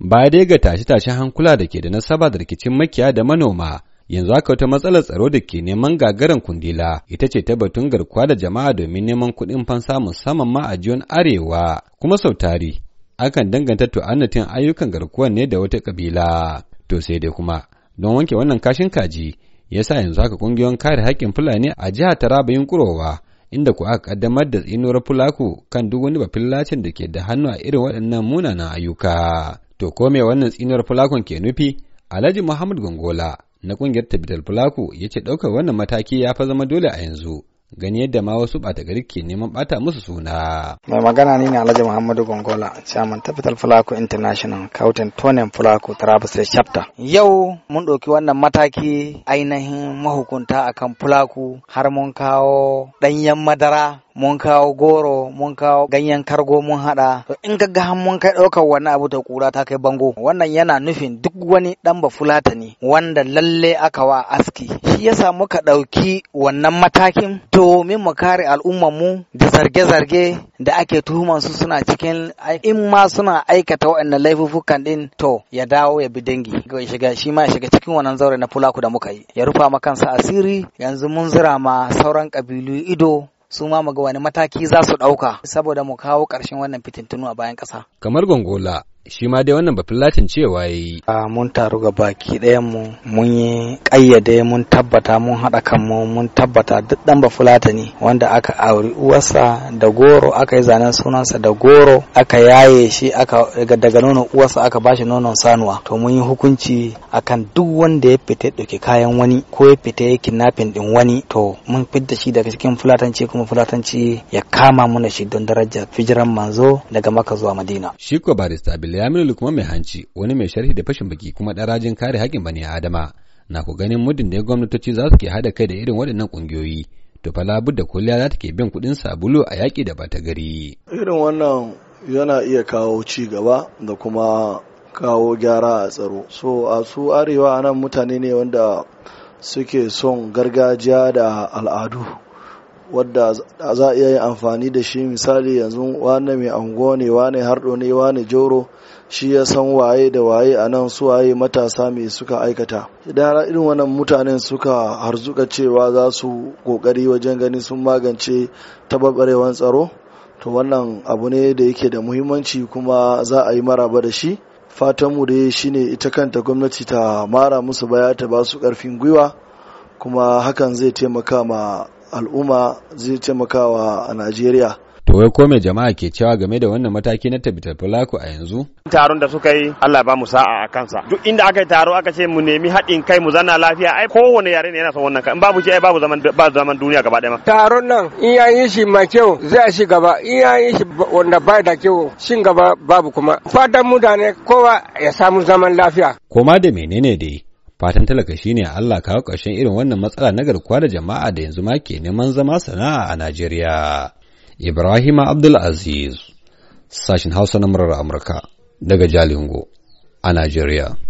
ba dai ga tashe-tashen hankula da ke da nasaba da rikicin makiya da manoma yanzu aka wata matsalar tsaro da ke neman gagaran kundila ita ce ta batun garkuwa da jama'a domin neman kuɗin fansa musamman ma a arewa kuma sau tari akan danganta tu'annatin ayyukan garkuwan ne da wata kabila to sai dai kuma don wanke wannan kashin kaji ya sa yanzu haka kungiyoyin kare haƙƙin fulani a jiha taraba yunkurowa inda ku aka kaddamar da tsinuwar fulaku kan duk wani bafin lacin da ke da hannu a irin waɗannan munanan ayyuka To ko me wannan tsinuwar fulakon ke nufi? Alhaji Muhammad Gongola na kungiyar Tabital Fulaku ya ce ɗaukar wannan mataki ya fa zama dole a yanzu. gani yadda ma wasu ɓata gari ke neman ɓata musu suna. Mai magana ni ne Alhaji Muhammadu Gongola, Chairman Tabital fulaku International, Kautin Tonin Fulaku, Travis Chapter. Yau mun ɗauki wannan mataki ainihin mahukunta akan fulaku, har mun kawo ɗanyen madara mun kawo goro mun kawo ganyen kargo mun hada to in gaggahan mun kai daukar wani abu ta kura ta kai bango wannan yana nufin duk wani dan bafulata ne wanda lalle aka wa aski shi yasa muka dauki wannan matakin domin mu kare al'umman mu da zarge-zarge da ake tuhuman su suna cikin in ma suna aikata waɗannan laifuffukan din to ya dawo ya bi dangi shiga shi ma shiga cikin wannan zaure na fulaku da muka yi ya rufa makansa asiri yanzu mun zira ma sauran kabilu ido su ma mu ga wani mataki za su ɗauka saboda mu kawo ƙarshen wannan fitintunu a bayan ƙasa. Kamar Gongola shi ma dai wannan latin cewa ya yi. mun taru ga baki ɗayan mu mun yi ƙayyade mun tabbata mun haɗa kanmu mun tabbata duk ɗan bafin latin wanda aka auri uwarsa da goro aka yi zanen sunansa da goro aka yaye shi aka daga nonon uwarsa aka bashi nonon sanuwa to mun yi hukunci akan duk wanda ya fita ɗauke kayan wani ko ya fita ya kidnapping ɗin wani to mun fidda shi daga cikin fulatanci kuma fulatanci ya kama mana shi don darajar fijiran manzo daga maka zuwa madina. shi ko barista Bilamir lukuma mai hanci wani mai sharhi da fashin baki kuma rajin kare haƙƙin bani Adama na ku ganin muddin da gwamnatoci za su ke haɗa kai da irin waɗannan ƙungiyoyi to fa da kulliya za ta ke bin kuɗin sabulu a yaƙi da bata gari. Irin wannan yana iya kawo ci gaba da kuma kawo gyara a tsaro. So a su arewa nan mutane ne wanda suke son gargajiya da al'adu. wadda za a iya yin amfani da shi misali yanzu wane mai ango ne wane hardo ne wane joro shi ya san waye da waye a nan su waye matasa mai suka aikata idan har irin wannan mutanen suka harzuka cewa za su kokari wajen gani sun magance tababarewan tsaro to wannan abu ne da yake da muhimmanci kuma za a yi maraba da shi fatanmu shi shine ita kanta gwamnati ta mara musu baya ta ba su karfin gwiwa kuma hakan zai taimaka ma al'umma zai taimakawa a Najeriya. To wai ko mai jama'a ke cewa game da wannan mataki na tabbatar fulaku a yanzu? Taron da suka yi Allah ba mu sa'a a kansa. Duk inda aka yi taro aka ce mu nemi haɗin kai mu zanna lafiya ai kowane yare ne yana son wannan in babu shi ai babu zaman ba zaman duniya gaba ɗaya ma. Taron nan in ya yi shi mai kyau zai shi gaba in ya yi shi wanda ba da kyau shin gaba babu kuma. Fatan mutane kowa ya samu zaman lafiya. Koma da menene dai fatan talaka shine Allah kawo ƙarshen irin wannan matsala na garkuwa da jama'a da yanzu ma ke neman zama sana'a a Najeriya. Ibrahim Abdul Aziz, sashin Hausa na murar Amurka daga Jalingo a Najeriya.